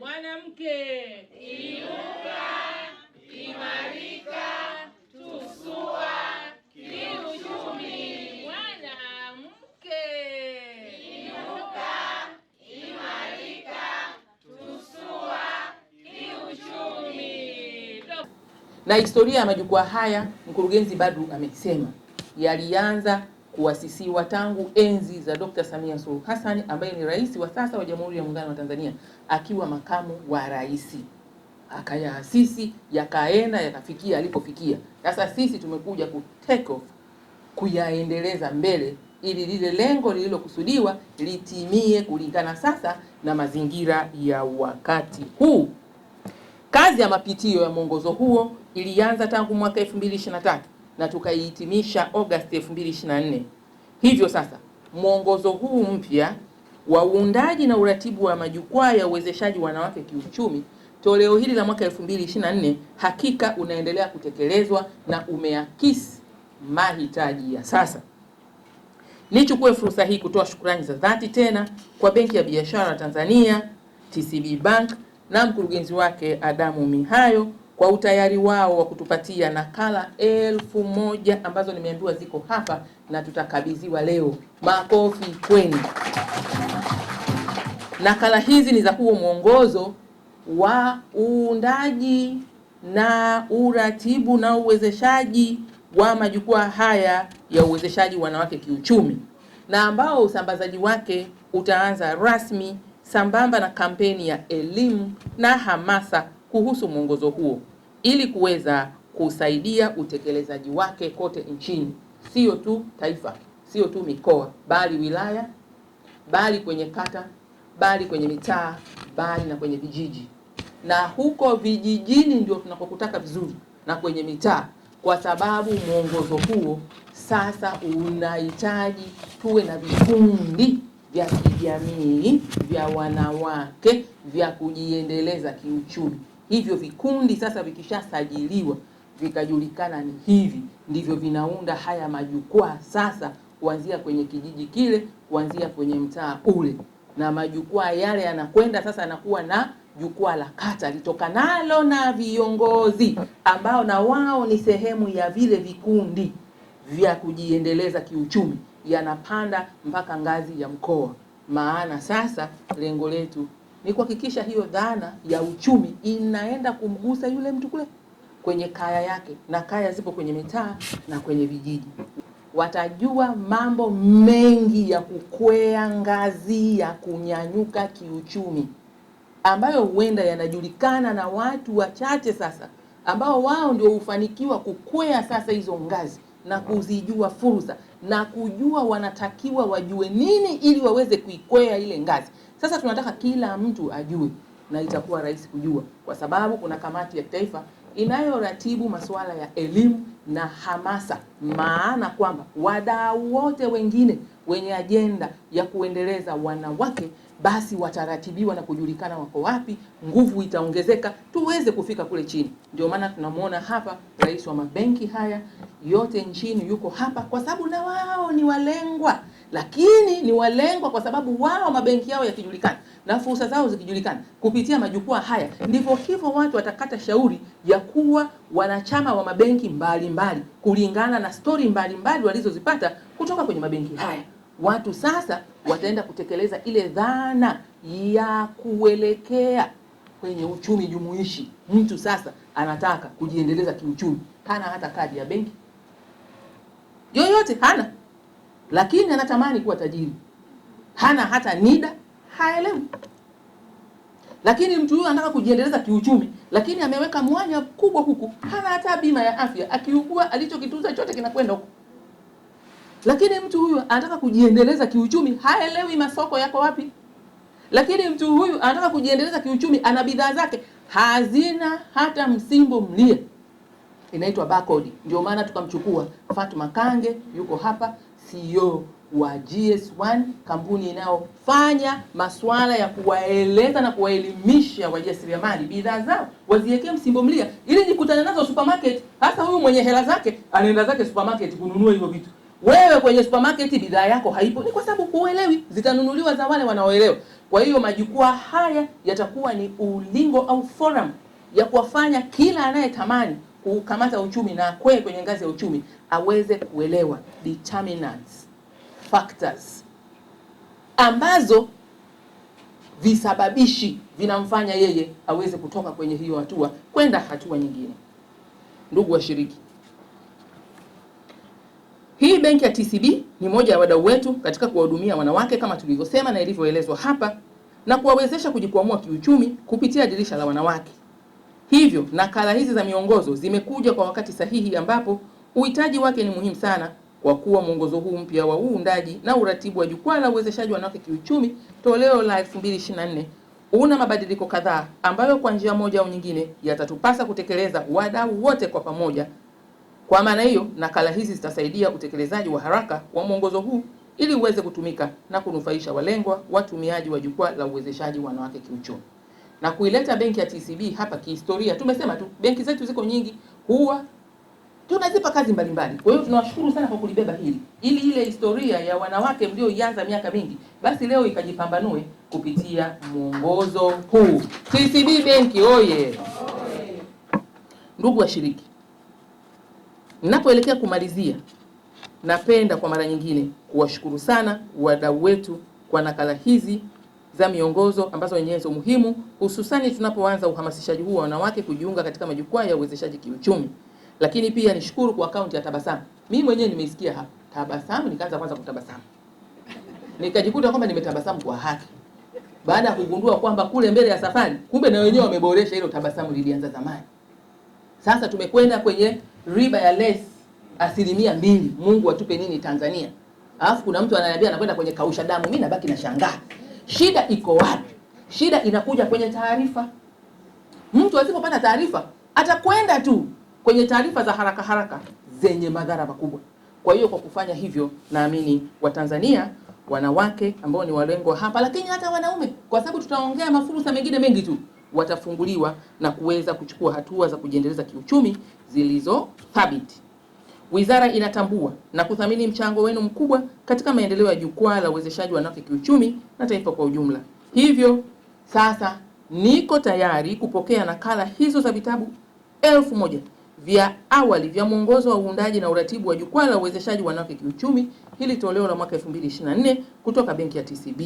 Mwanamke inuka, imarika, tusua kiuchumi. Mwanamke inuka, imarika, tusua kiuchumi. Na historia ya majukwaa haya, mkurugenzi Badru amesema yalianza kuasisiwa tangu enzi za Dr. Samia Suluhu Hassan ambaye ni rais wa sasa wa Jamhuri ya Muungano wa Tanzania akiwa makamu wa rais, akayaasisi yakaenda yakafikia alipofikia. Sasa sisi tumekuja ku take off kuyaendeleza mbele ili lile lengo lililokusudiwa litimie kulingana sasa na mazingira ya wakati huu. Kazi ya mapitio ya mwongozo huo ilianza tangu mwaka 2023 na tukaihitimisha Agosti 2024. Hivyo sasa mwongozo huu mpya wa uundaji na uratibu wa majukwaa ya uwezeshaji wanawake kiuchumi toleo hili la mwaka 2024 hakika unaendelea kutekelezwa na umeakisi mahitaji ya sasa. Nichukue fursa hii kutoa shukrani za dhati tena kwa Benki ya Biashara Tanzania, TCB Bank na mkurugenzi wake Adamu Mihayo kwa utayari wao wa kutupatia nakala elfu moja ambazo nimeambiwa ziko hapa na tutakabidhiwa leo. Makofi kwenu! Nakala hizi ni za huo mwongozo wa uundaji na uratibu na uwezeshaji wa majukwaa haya ya uwezeshaji wanawake kiuchumi na ambao usambazaji wake utaanza rasmi sambamba na kampeni ya elimu na hamasa kuhusu mwongozo huo ili kuweza kusaidia utekelezaji wake kote nchini, sio tu taifa, sio tu mikoa, bali wilaya, bali kwenye kata, bali kwenye mitaa, bali na kwenye vijiji. Na huko vijijini ndio tunakokutaka vizuri na kwenye mitaa, kwa sababu mwongozo huo sasa unahitaji tuwe na vikundi vya kijamii vya wanawake vya kujiendeleza kiuchumi. Hivyo vikundi sasa vikishasajiliwa vikajulikana ni hivi ndivyo vinaunda haya majukwaa sasa, kuanzia kwenye kijiji kile, kuanzia kwenye mtaa ule, na majukwaa yale yanakwenda sasa, yanakuwa na jukwaa la kata litokanalo na viongozi ambao na wao ni sehemu ya vile vikundi vya kujiendeleza kiuchumi, yanapanda mpaka ngazi ya mkoa. Maana sasa lengo letu ni kuhakikisha hiyo dhana ya uchumi inaenda kumgusa yule mtu kule kwenye kaya yake, na kaya zipo kwenye mitaa na kwenye vijiji. Watajua mambo mengi ya kukwea ngazi ya kunyanyuka kiuchumi ambayo huenda yanajulikana na watu wachache sasa, ambao wao ndio hufanikiwa kukwea sasa hizo ngazi na kuzijua fursa na kujua wanatakiwa wajue nini ili waweze kuikwea ile ngazi. Sasa tunataka kila mtu ajue na itakuwa rahisi kujua, kwa sababu kuna kamati ya taifa inayoratibu masuala ya elimu na hamasa, maana kwamba wadau wote wengine wenye ajenda ya kuendeleza wanawake basi wataratibiwa na kujulikana wako wapi, nguvu itaongezeka tuweze kufika kule chini. Ndio maana tunamwona hapa rais wa mabenki haya yote nchini yuko hapa, kwa sababu na wao ni walengwa lakini ni walengwa kwa sababu wao mabenki yao yakijulikana na fursa zao zikijulikana kupitia majukwaa haya, ndivyo hivyo watu watakata shauri ya kuwa wanachama wa mabenki mbalimbali mbali, kulingana na stori mbalimbali walizozipata kutoka kwenye mabenki haya. Watu sasa wataenda kutekeleza ile dhana ya kuelekea kwenye uchumi jumuishi. Mtu sasa anataka kujiendeleza kiuchumi, hana hata kadi ya benki yoyote, hana lakini anatamani kuwa tajiri, hana hata nida, haelewi. Lakini mtu huyu anataka kujiendeleza kiuchumi, lakini ameweka mwanya mkubwa huku, hana hata bima ya afya. Akiugua, alichokitunza chote kinakwenda huku. Lakini mtu huyu anataka kujiendeleza kiuchumi, haelewi masoko yako wapi. Lakini mtu huyu anataka kujiendeleza kiuchumi, ana bidhaa zake hazina hata msimbo mlia, inaitwa bakodi. Ndio maana tukamchukua Fatma Kange, yuko hapa. CEO wa GS1, kampuni inayofanya masuala ya kuwaeleza na kuwaelimisha wajasiriamali bidhaa zao, waziwekee msimbo mlia ili nikutane nazo supermarket. Hasa huyu mwenye hela zake anaenda zake supermarket kununua hivyo vitu, wewe kwenye supermarket bidhaa yako haipo, ni kwa sababu huelewi, zitanunuliwa za wale wanaoelewa. Kwa hiyo majukwaa haya yatakuwa ni ulingo au forum ya kuwafanya kila anayetamani kukamata uchumi na kweli kwenye ngazi ya uchumi aweze kuelewa determinants, factors ambazo visababishi vinamfanya yeye aweze kutoka kwenye hiyo hatua kwenda hatua nyingine. Ndugu washiriki, hii benki ya TCB ni moja ya wadau wetu katika kuwahudumia wanawake kama tulivyosema na ilivyoelezwa hapa na kuwawezesha kujikwamua kiuchumi kupitia dirisha la wanawake. Hivyo nakala hizi za miongozo zimekuja kwa wakati sahihi, ambapo uhitaji wake ni muhimu sana, kwa kuwa mwongozo huu mpya wa uundaji na uratibu wa jukwaa la uwezeshaji wanawake kiuchumi toleo la 2024 una mabadiliko kadhaa ambayo kwa njia moja au nyingine yatatupasa kutekeleza wadau wote kwa pamoja. Kwa maana hiyo, nakala hizi zitasaidia utekelezaji wa haraka wa mwongozo huu ili uweze kutumika na kunufaisha walengwa, watumiaji wa jukwaa la uwezeshaji wanawake kiuchumi na kuileta benki ya TCB hapa kihistoria, tumesema tu benki zetu ziko nyingi, huwa tunazipa kazi mbalimbali. Kwa hiyo tunawashukuru sana kwa kulibeba hili, ili ile historia ya wanawake mlioianza miaka mingi, basi leo ikajipambanue kupitia mwongozo huu. TCB benki oye! Ndugu washiriki, ninapoelekea kumalizia, napenda kwa mara nyingine kuwashukuru sana wadau wetu kwa nakala hizi za miongozo ambazo ni nyenzo muhimu, hususani tunapoanza uhamasishaji huu wa wanawake kujiunga katika majukwaa ya uwezeshaji kiuchumi. Lakini pia nishukuru kwa akaunti ya Tabasamu. Mimi mwenyewe nimeisikia hapa Tabasamu, nikaanza kwanza kutabasamu, nikajikuta kwamba nimetabasamu kwa haki, baada ya kugundua kwamba kule mbele ya safari, kumbe na wenyewe wameboresha. Hilo tabasamu lilianza zamani, sasa tumekwenda kwenye riba ya less asilimia mbili. Mungu atupe nini Tanzania? Alafu kuna mtu ananiambia anakwenda kwenye kausha damu, mimi nabaki na shangaa. Shida iko wapi? Shida inakuja kwenye taarifa. Mtu asipopata taarifa atakwenda tu kwenye taarifa za haraka haraka zenye madhara makubwa. Kwa hiyo kwa kufanya hivyo, naamini Watanzania wanawake ambao ni walengwa hapa, lakini hata wanaume, kwa sababu tutaongea mafursa mengine mengi tu, watafunguliwa na kuweza kuchukua hatua za kujiendeleza kiuchumi zilizo thabiti. Wizara inatambua na kuthamini mchango wenu mkubwa katika maendeleo ya jukwaa la uwezeshaji wanawake kiuchumi na taifa kwa ujumla. Hivyo sasa niko tayari kupokea nakala hizo za vitabu elfu moja vya awali vya mwongozo wa uundaji na uratibu wa jukwaa la uwezeshaji wanawake kiuchumi, hili toleo la mwaka 2024 kutoka benki ya TCB.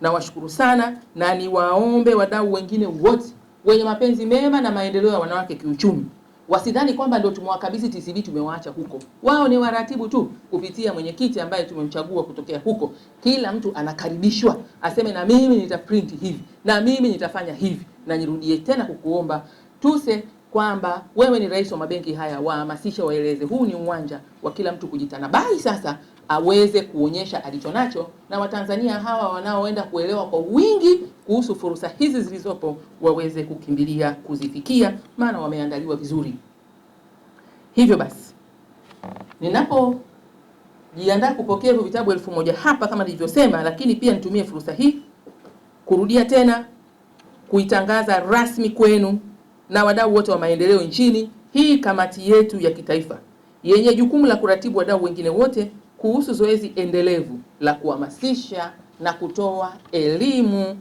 Nawashukuru sana na niwaombe wadau wengine wote wenye mapenzi mema na maendeleo ya wanawake kiuchumi Wasidhani kwamba ndio tumewakabidhi TCB tumewaacha huko. Wao ni waratibu tu kupitia mwenyekiti ambaye tumemchagua kutokea huko. Kila mtu anakaribishwa aseme, na mimi nitaprint hivi na mimi nitafanya hivi, na nirudie tena kukuomba tuse kwamba wewe ni rais wa mabenki haya, wahamasisha, waeleze. Huu ni uwanja wa kila mtu kujitanabai sasa aweze kuonyesha alicho nacho na Watanzania hawa wanaoenda kuelewa kwa wingi kuhusu fursa hizi zilizopo waweze kukimbilia kuzifikia, maana wameandaliwa vizuri. Hivyo basi, ninapojiandaa kupokea hivyo vitabu elfu moja hapa kama nilivyosema, lakini pia nitumie fursa hii kurudia tena kuitangaza rasmi kwenu na wadau wote wa maendeleo nchini, hii kamati yetu ya kitaifa yenye jukumu la kuratibu wadau wengine wote kuhusu zoezi endelevu la kuhamasisha na kutoa elimu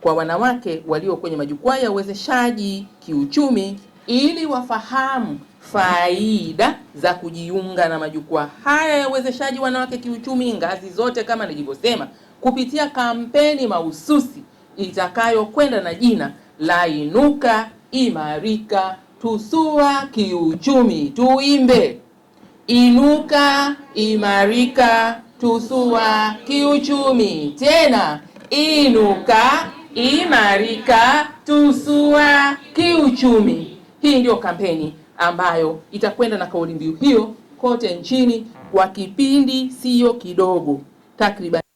kwa wanawake walio kwenye majukwaa ya uwezeshaji kiuchumi ili wafahamu faida za kujiunga na majukwaa haya ya uwezeshaji wanawake kiuchumi ngazi zote, kama nilivyosema, kupitia kampeni mahususi itakayokwenda na jina la Inuka Imarika Tusua Kiuchumi. Tuimbe inuka, imarika, tuthua kiuchumi. Tena, inuka, imarika, tuthua kiuchumi. Hii ndiyo kampeni ambayo itakwenda na kauli mbiu hiyo kote nchini kwa kipindi sio kidogo, takriban